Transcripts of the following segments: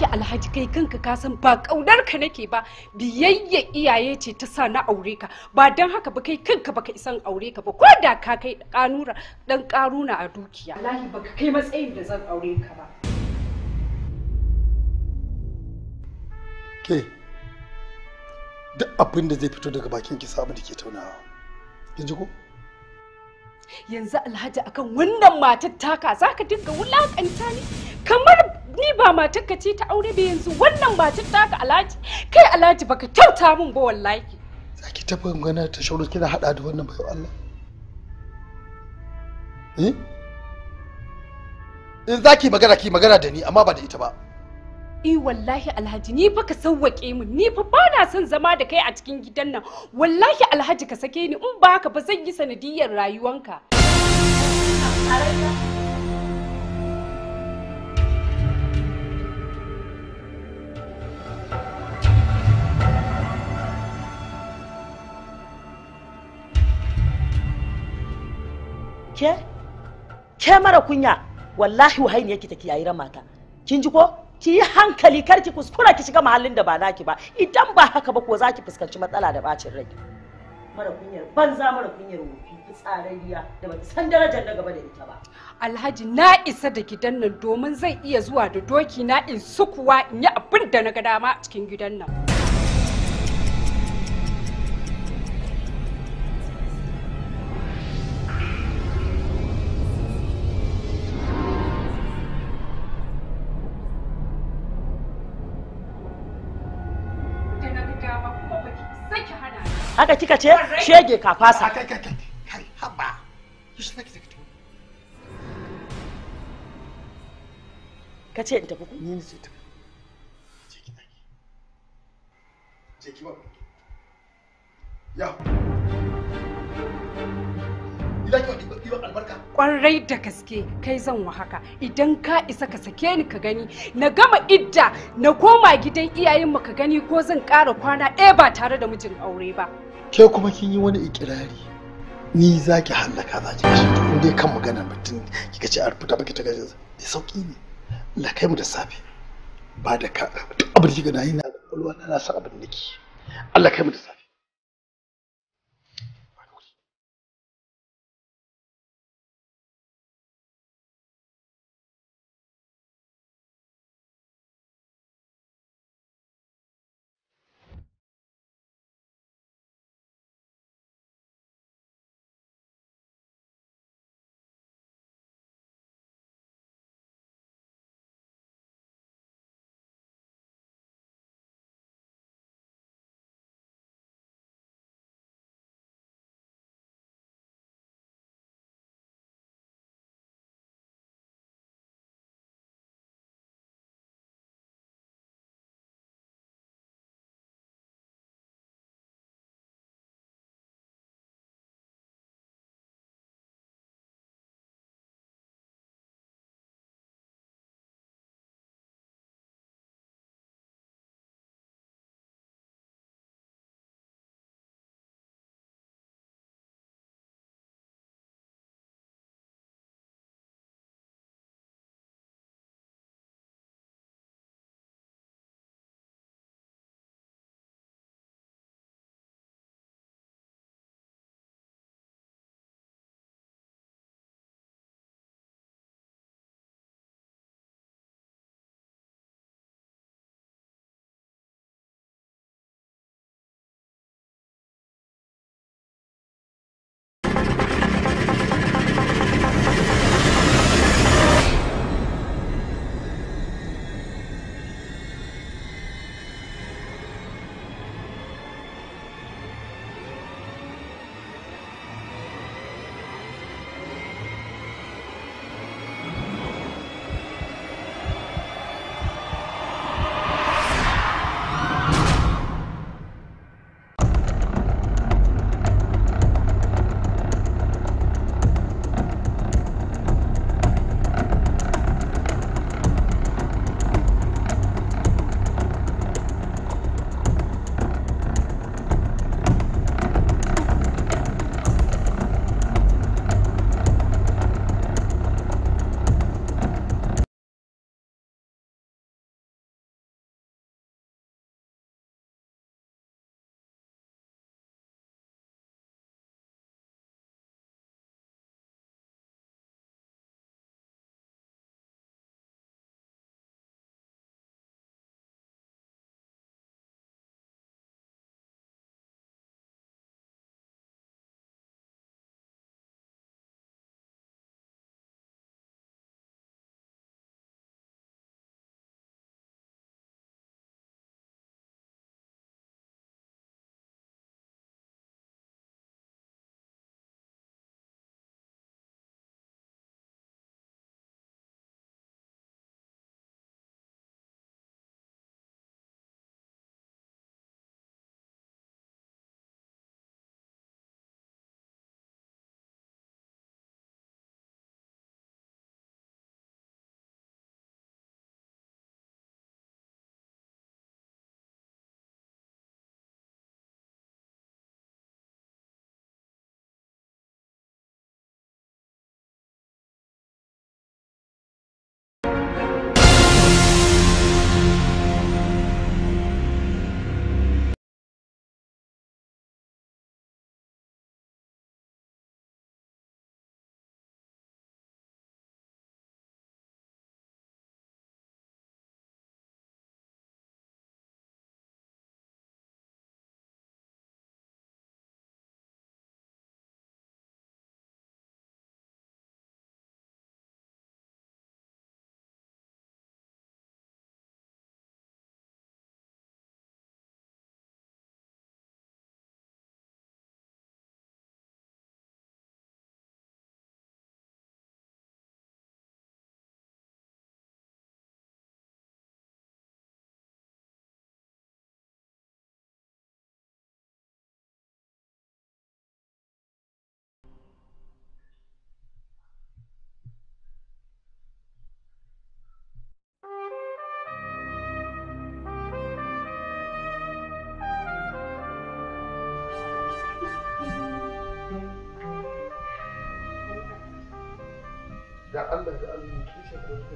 wallahi alhaji kai kanka ka san ba kaunar ka nake ba biyayya iyaye ce ta sa na aure ka ba dan haka ba kai kanka baka isan aure ka ba ko da ka kai kanura dan karuna a dukiya wallahi baka kai matsayin da zan aure ka ba ke duk abin da zai fito daga bakin ki sabu da ke taunawa kin ji ko yanzu alhaji akan wannan matar taka zaka dinga wulakanta ni kamar ni ba matar ka ce ta aure ba yanzu wannan matar ka alhaji kai alhaji baka kyauta min ba wallahi za ki taɓa gana ta shauru kina haɗa da wannan bayan Allah eh in eh, za ki magana ki magana da ni amma ba da ita ba Eh wallahi alhaji ni fa ka sawwake min ni fa ba na son zama da kai a cikin gidan nan wallahi alhaji ka sake ni in ba haka ba zan yi sanadiyar rayuwanka ke ke mara kunya wallahi wahayin yake ta kiyayi ramata kin ji ko ki yi hankali kar ki kuskura ki shiga mahallin da ba naki ba idan ba haka ba ko za ki fuskanci matsala da bacin rai mara kunyar banza mara kunyar wofi fitsararriya da ba san darajar na gaba da ita ba alhaji na isa da gidan nan domin zan iya zuwa da doki na in sukuwa in yi abin da na ga dama a cikin gidan nan haka kika ce shege ka fasa in tafi Kwarai da gaske kai zan wa haka idan ka isa ka sake ni ka gani na gama idda na koma gidan iyayenmu ka gani ko zan ƙara kwana ɗaya ba tare da mijin aure ba. ke kuma kin yi wani ikirari ni za ki hallaka za ki kashe in dai kan magana mutum kika ce a rubuta baki ta gaji da sauki ne la kai mu da safe ba da ka abin da kika na yi na kwalwa na na san abin da ke Allah kai mu da safe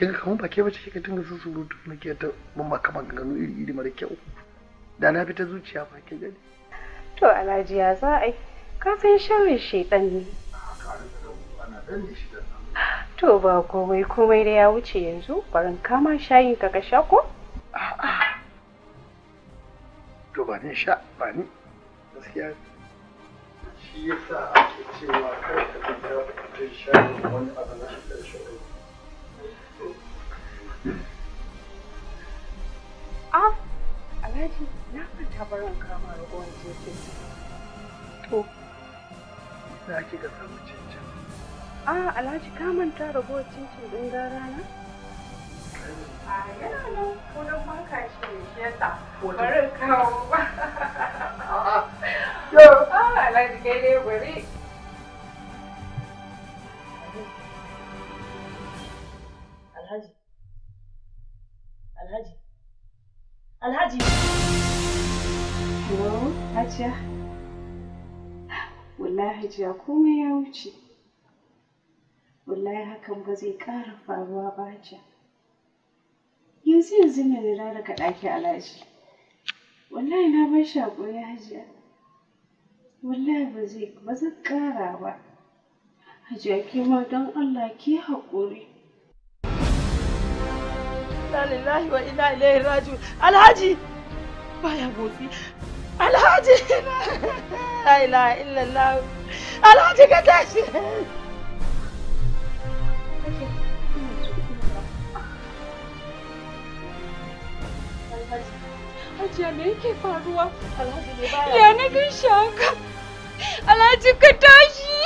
kin ga kamar ba ke bace kika dinga surutu na ke ta mamma kamar gano iri iri mara kyau da na fita zuciya ba ke gani to alhaji ya za a yi ka san shawin shaidan ne to ba komai komai da ya wuce yanzu barin kama shayin ka ka sha ko to ba ne sha ba ne gaskiya shi yasa ake cewa kai ka shayin wani abu na shi da shi Ah, Alhaji, na manta barin kama ragowar cincin. To, za ki ga samu cincin. Ah, Alhaji, ka manta ragowar cincin ɗin gara na? Eh. A ah, yana nan kunan banka shi ne shi yasa barin kawo ba. Yau, ah, Alhaji, kai dai bari. hakan ba zai ƙara faruwa ba ce. Yanzu yanzu ne mai lura daga ɗaki alhaji. Wallahi na bar shi a ƙoya hajiya. Wallahi ba zai ba zan ƙara ba. Hajiya ke ma don Allah ke haƙuri. Inna lillahi wa inna ilaihi raji'un. Alhaji baya motsi. Alhaji la ilaha illallah. Alhaji ka tashi. me yake faruwa? Ya na gan shi Alhaji ka tashi.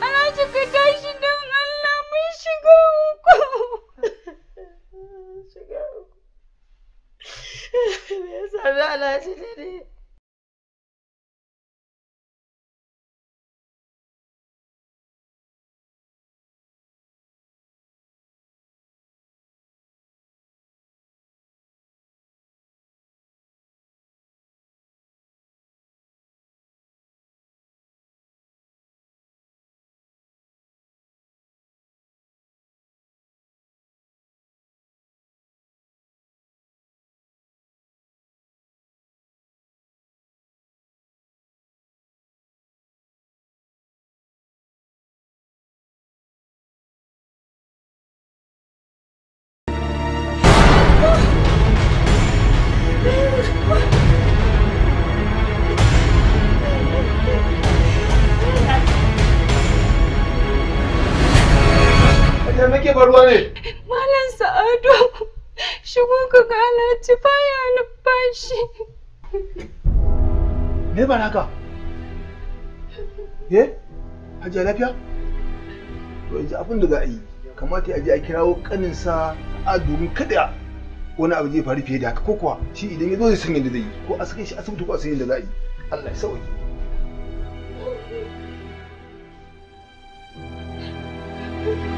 Alhaji ka tashi don Allah mun shiga uku. Shiga uku. Me yasa Alhaji ne? da muke barwa ne? Malam Sa'adu, shigo ka ga Alhaji baya numfashi. Me ba haka? Ye? Hajiya lafiya? To yanzu abin da za a yi, kamata a je a kirawo kaninsa a domin kada wani abu zai faru fiye da haka ko kuwa shi idan ya zo zai san yadda zai ko a sake shi asibiti ko a san yadda za a yi. Allah ya sauki. thank you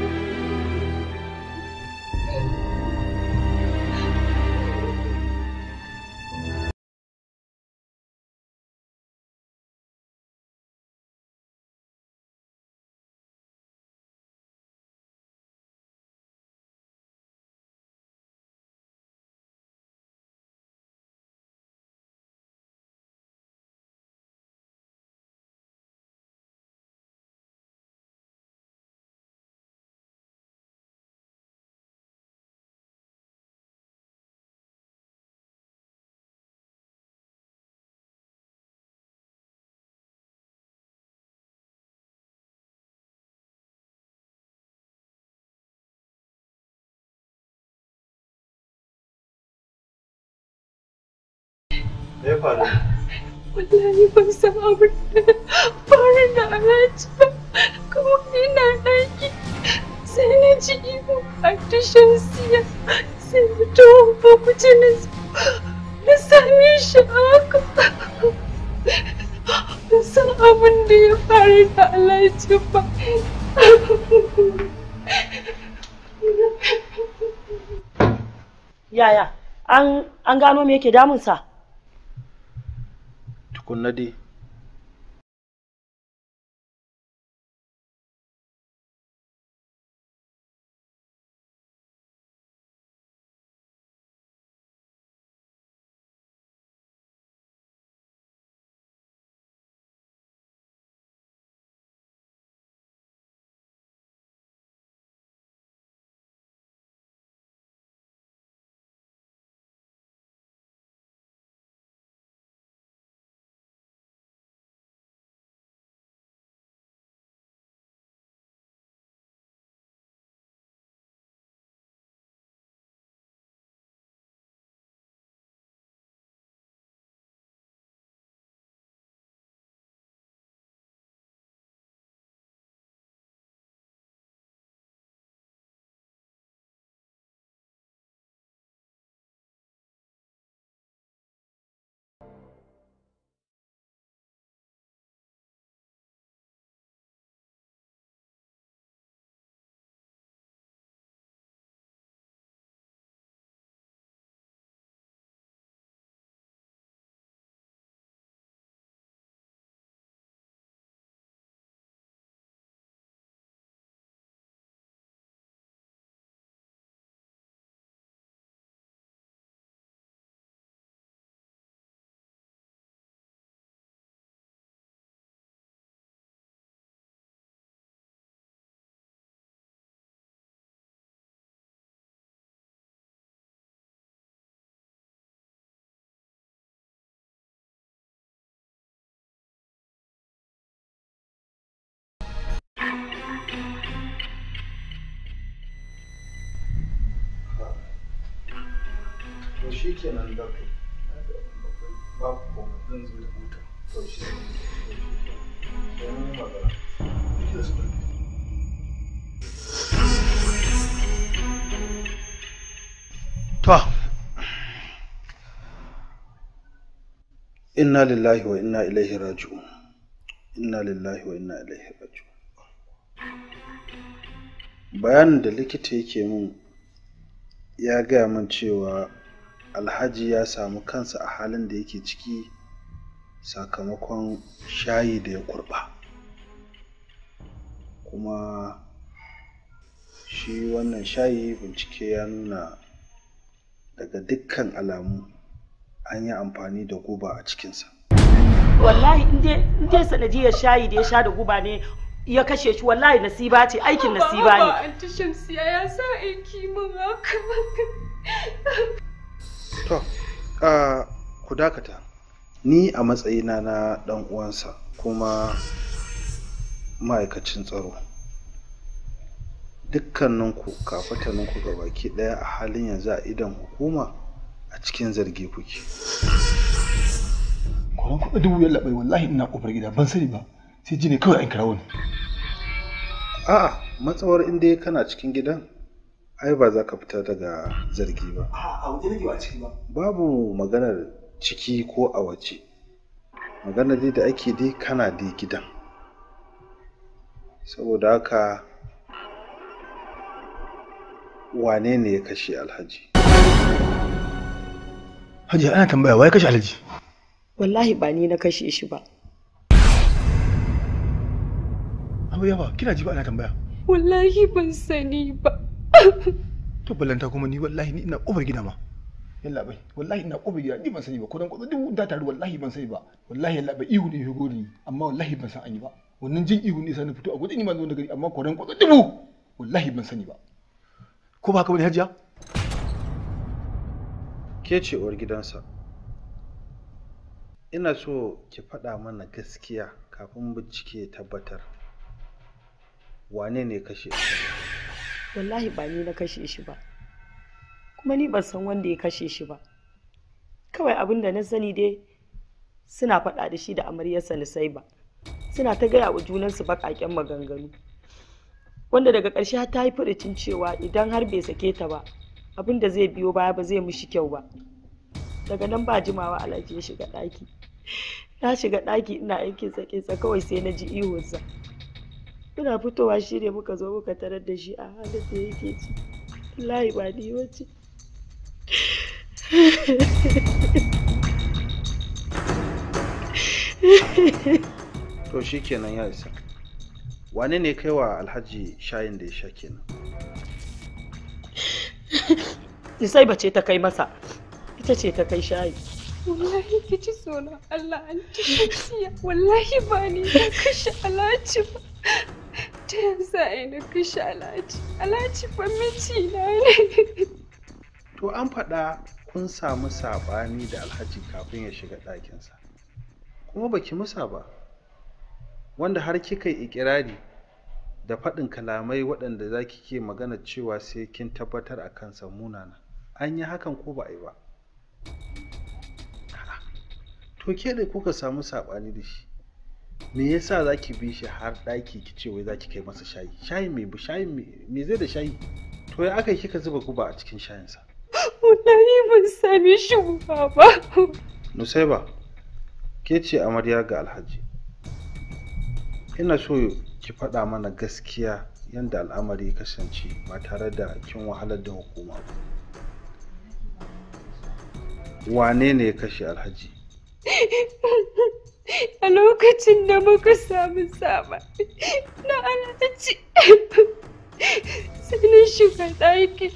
Ne yapardın? Wallahi ban san abin da faru da alhaji ba. Kuma ina ɗaki sai na ji ihu a tushen siya sai mutuwar bakuci na na same shi haka. Ban san abin ya faru da ba. Yaya, an gano me yake damunsa? kun nadi inna lillahi wa inna ilaihi raji'un inna lillahi wa inna ilaihi bayanin da likita yake mun ya gaya min cewa alhaji ya samu kansa a halin da yake ciki sakamakon shayi da ya kurba kuma shi wannan shayi bincike ya nuna daga dukkan alamu an yi amfani da guba a cikinsa wallahi in dai sanadiyar shayi da ya sha da guba ne ya kashe shi wallahi nasiba ce aikin nasiba ne. Ba ya sa aiki mun haka. to ku dakata ni a matsayina na ɗan uwansa kuma ma'aikacin tsaro dukkaninku kafataninku ga baki ɗaya a halin yanzu a idan hukuma a cikin zargi kuke kwanan kuɗa dubu yalla bai wallahi ina kofar gida ban sani ba sai ji ne kawai an kira wani a'a matsawar inda kana cikin gidan ai ba za ka fita daga zargi ba a waje nake ba ciki ba babu maganar ciki ko a waje maganar dai da ake dai kana dai gidan saboda haka wane ne ya kashe alhaji Hajji ana tambaya wai kashe alhaji wallahi ba ni na kashe shi ba abu yawa kina ji ba ana tambaya wallahi ban sani ba to ballanta kuma ni wallahi ni ina kofar gida ma yalla bai wallahi ina kofar gida ni ban sani ba ko dan kwatsa duk da taru wallahi ban sani ba wallahi yalla bai ihu ne ya gori amma wallahi ban san an ba wannan jin ihu ne sani fito a guje ni ma zo gari amma ko dan kwatsa dubu wallahi ban sani ba ko ba ka bane hajiya ke ce uwar gidansa ina so ki faɗa mana gaskiya kafin bincike tabbatar wane ne kashe wallahi ba ni na kashe shi ba kuma ni ban san wanda ya kashe shi ba kawai abin da na sani dai suna faɗa da shi da amaryar na sai ba suna ta gaya wa junansu bakaken maganganu wanda daga ƙarshe ta yi furicin cewa idan har bai sake ta ba abin da zai biyo baya ba zai mishi kyau ba daga nan ba jimawa alhaji ya shiga ɗaki na shiga ɗaki ina aikin tsake kawai sai na ji ihunsa Muna fitowa shi ne muka zo muka tarar da shi a halin da yake ci. Wallahi ba ni wace. To shi kenan ya isa. Wane ne kai wa Alhaji shayin da ya sha kenan? Isai bace ta kai masa. Ita ce ta kai shayi. Wallahi ki ci sona Allah an ci wallahi ba ni na kashe alhaji ba. ta yanzu ya yi na kashe alhaji alhaji fa miji na ne to an faɗa kun samu saɓani da alhaji kafin ya shiga ɗakinsa kuma baki musa ba wanda har kika yi ikirari da faɗin kalamai waɗanda za ki ke magana cewa sai kin tabbatar a kansa munana an yi hakan ko ba a yi ba to ke da kuka samu saɓani da shi me yasa za ki bi shi har ɗaki ki ce wai za ki kai masa shayi shayi me bu shayi me zai da shayi to ya aka yi kika zuba guba a cikin shayinsa wallahi ban sami shi guba ba nusaiba ke ce amarya ga alhaji ina so ki faɗa mana gaskiya yadda al'amari ya kasance ba tare da kin wahalar da hukuma ba wane ne ya kashe alhaji a lokacin da muka samu sama na alhaji sai na shiga ɗaki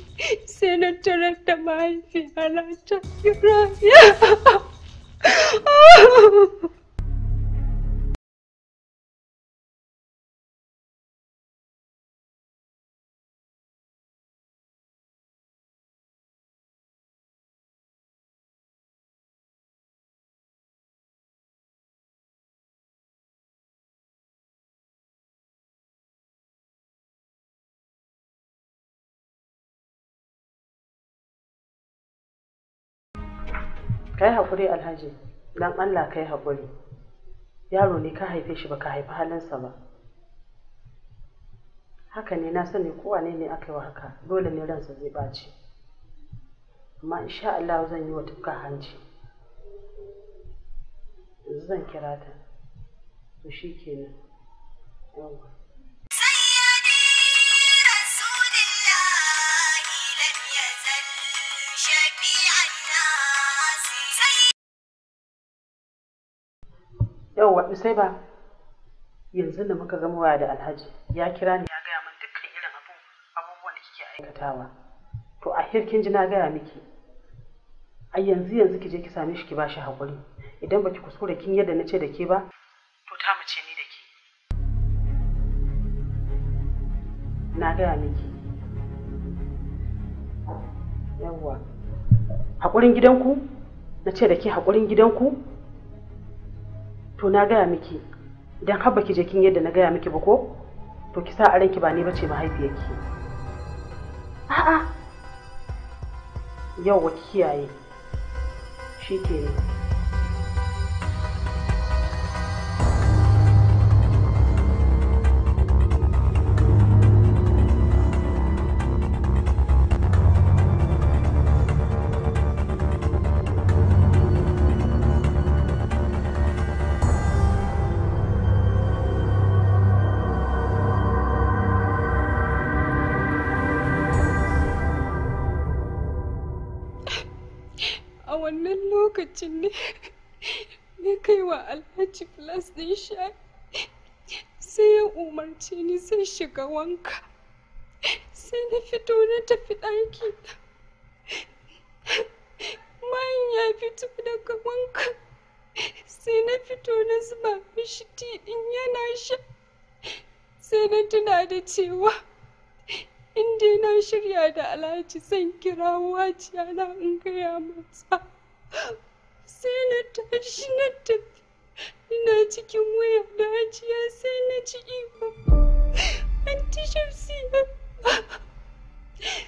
sai na tarar da mahaifiyana ya kira kai hakuri alhaji dan allah kai hakuri. yaro ne ka haife shi ba ka haifi halinsa ba haka ne na sani kowane ne aka yi haka dole ne ransa zai ɓaci amma insha allah zan yi wa tufka hanci yanzu zan kira ta to shi kenan yawwa yawwa isai ba yanzu da muka gama waya da alhaji ya kira ni ya gaya min dukkan irin abubuwan da kike aikatawa to a hirkin ji na gaya miki a yanzu yanzu ki je ki same shi ki bashi haƙuri idan baki kuskure kin yadda na ce da ke ba to ta mace ni da ke na gaya miki yawwa haƙurin gidanku na ce da ke haƙurin gidanku to na gaya miki idan har baki je kin yadda na gaya miki ba ko to ki sa a ranki ba ni bace mahaifiyarki a'a yau wa kiyaye shi kenan lokacin ne na kai wa alhaji flas ɗin sha sai ya umarce ni zai shiga wanka sai na fito na tafi ɗaki bayan ya fito daga wanka sai na fito na zuba mishi tiɗin yana sha sai na tuna da cewa inda na shirya da alhaji zan kira wajiya na in gaya masa sai na tashi na tafi ina cikin waya da ajiya, sai na ci iko anti shamsiya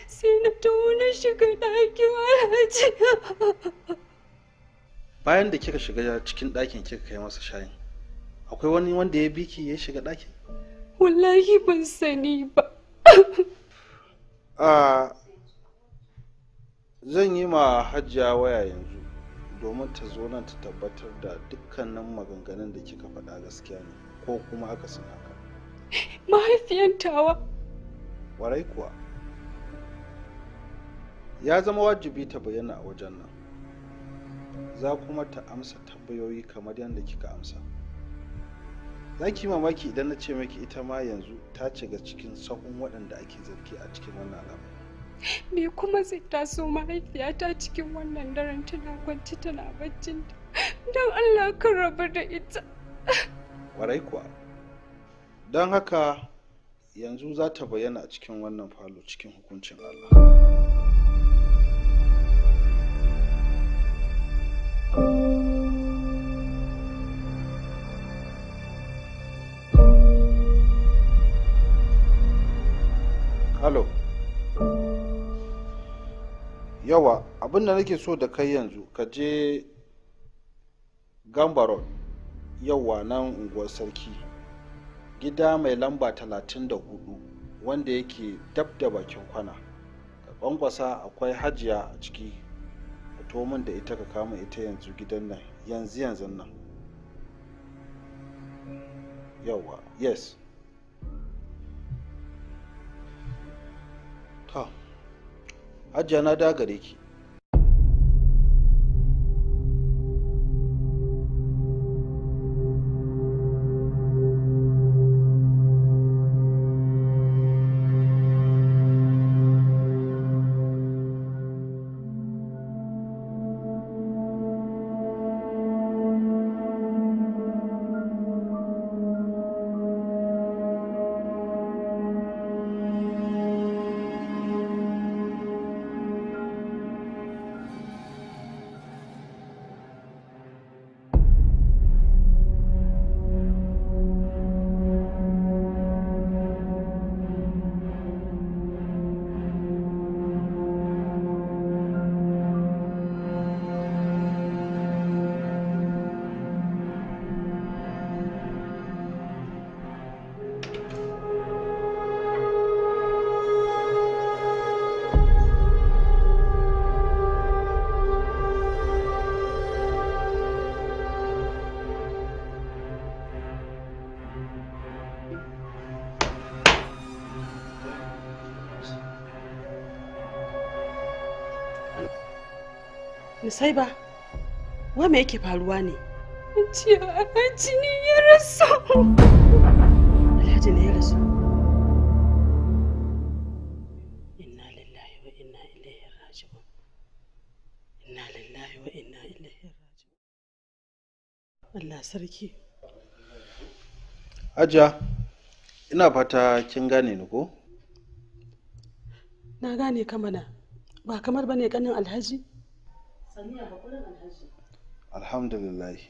sai na taho na shiga ɗakin ajiya. bayan da kika shiga cikin ɗakin kika kai masa shayin akwai wani wanda ya biki ya shiga ɗakin wallahi ban sani ba ah, zan yi ma hajjiya waya yanzu domin ta zo nan ta tabbatar da dukkanin maganganun da kika faɗa gaskiya ne ko kuma haka sun haka mahaifiyan tawa warai kuwa ya zama wajibi ta bayyana a wajen nan za kuma ta amsa tambayoyi kamar yadda kika amsa za ki mamaki idan na ce maki ita ma yanzu ta shiga cikin sahun waɗanda ake zargi a cikin wannan al'amari me kuma zai taso mahaifiyata cikin wannan daren tana kwanci tana baccin don allah kan rabu da ita warai kuwa don haka yanzu za ta bayyana cikin wannan falo cikin hukuncin allah yawa abin da nake so da kai yanzu ka je gambaron yawa nan unguwar sarki gida mai lamba 34 wanda yake dab da bakin kwana ka kwankwasa akwai hajiya a ciki ka tomin da ita ka kama ita yanzu gidan nan yanzu yanzu nan yawa yes Huh. hajjiya na da gare ki sai ba, wa me yake faruwa ne? Jiya ya rasu. Alhaji ne ya rasu. Allah sarki. Aja, ina fata kin gane ni ko? Na gane kamana, ba kamar bane ƙanin Alhaji? alhamdulillah